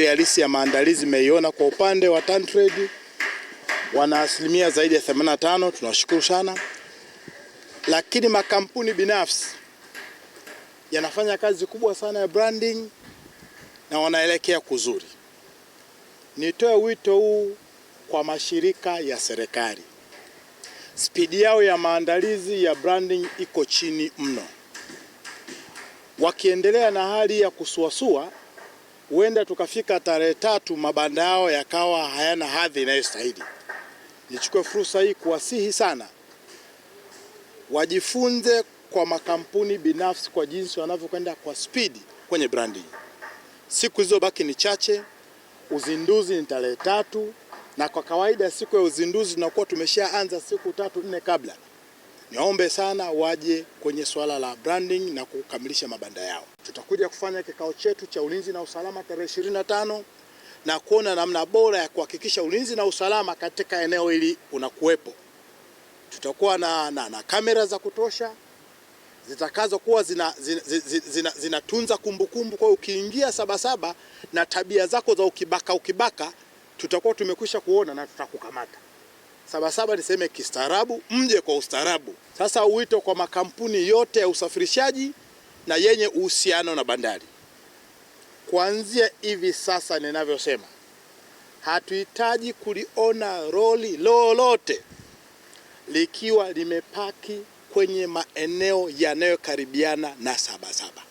Hali halisi ya maandalizi meiona kwa upande wa TanTrade wana asilimia zaidi ya 85, tunawashukuru sana, lakini makampuni binafsi yanafanya kazi kubwa sana ya branding na wanaelekea kuzuri. Nitoe wito huu kwa mashirika ya serikali, spidi yao ya maandalizi ya branding iko chini mno. Wakiendelea na hali ya kusuasua huenda tukafika tarehe tatu mabanda yao yakawa hayana hadhi inayostahili. Nichukue fursa hii kuwasihi sana wajifunze kwa makampuni binafsi kwa jinsi wanavyokwenda kwa spidi kwenye branding. Siku baki ni chache, uzinduzi ni tarehe tatu, na kwa kawaida siku ya uzinduzi tunakuwa tumeshaanza siku tatu nne kabla. Niombe sana waje kwenye swala la branding na kukamilisha mabanda yao. Tutakuja kufanya kikao chetu cha ulinzi na usalama tarehe ishirini na tano na kuona namna bora ya kuhakikisha ulinzi na usalama katika eneo hili unakuwepo. Tutakuwa na, na, na kamera za kutosha zitakazokuwa zinatunza zina, zina, zina, zina kumbukumbu kwa ukiingia Sabasaba na tabia zako za ukibaka ukibaka, tutakuwa tumekwisha kuona na tutakukamata. Sabasaba niseme kistaarabu, mje kwa ustaarabu. Sasa wito kwa makampuni yote ya usafirishaji na yenye uhusiano na bandari, kuanzia hivi sasa ninavyosema, hatuhitaji kuliona roli lolote likiwa limepaki kwenye maeneo yanayokaribiana na Sabasaba.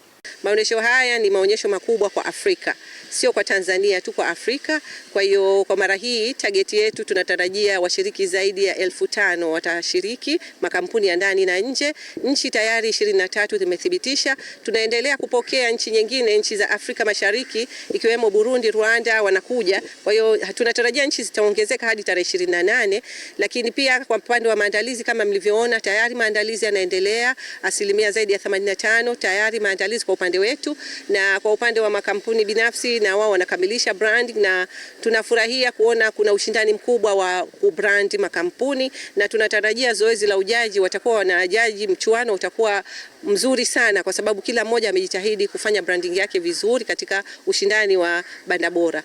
Maonyesho haya ni maonyesho makubwa kwa Afrika sio kwa Tanzania tu, kwa Afrika. Kwa hiyo kwa mara hii tageti yetu tunatarajia washiriki zaidi ya elfu tano watashiriki, makampuni ya ndani na nje. Nchi tayari 23 zimethibitisha. Tunaendelea kupokea nchi nyingine, nchi za Afrika Mashariki ikiwemo Burundi, Rwanda wanakuja. Kwa hiyo tunatarajia nchi zitaongezeka hadi tarehe 28, lakini pia kwa upande wa maandalizi kama mlivyoona tayari maandalizi yanaendelea asilimia zaidi ya 85 tayari maandalizi kwa upande wetu, na kwa upande wa makampuni binafsi na wao wanakamilisha branding, na tunafurahia kuona kuna ushindani mkubwa wa kubrand makampuni, na tunatarajia zoezi la ujaji watakuwa wana jaji mchuano utakuwa mzuri sana, kwa sababu kila mmoja amejitahidi kufanya branding yake vizuri katika ushindani wa banda bora.